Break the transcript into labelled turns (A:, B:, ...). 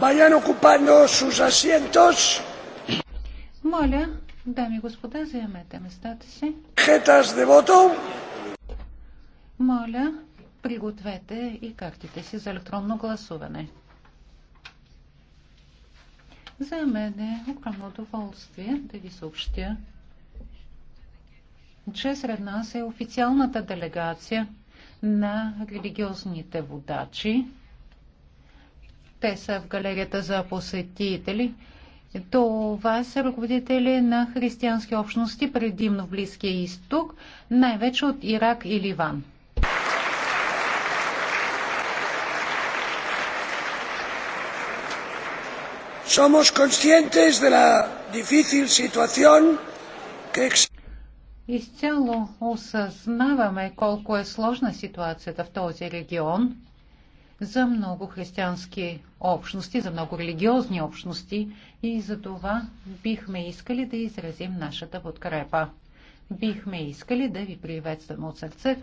A: Vayan ocupando sus asientos.
B: Моля, дами и господа, заемете местата
A: си. Хетас де вото.
B: Моля, пригответе и картите си за електронно гласуване. За мен е огромно удоволствие да ви съобщя, че сред нас е официалната делегация на религиозните водачи те са в галерията за посетители. Това са ръководители на християнски общности, предимно в Близкия изток, най-вече от Ирак и
A: Ливан. Somos conscientes de la difícil situación que
B: Изцяло осъзнаваме колко е сложна ситуацията в този регион – за много християнски общности, за много религиозни общности и за това бихме искали да изразим нашата подкрепа. Бихме искали да ви приветстваме от сърце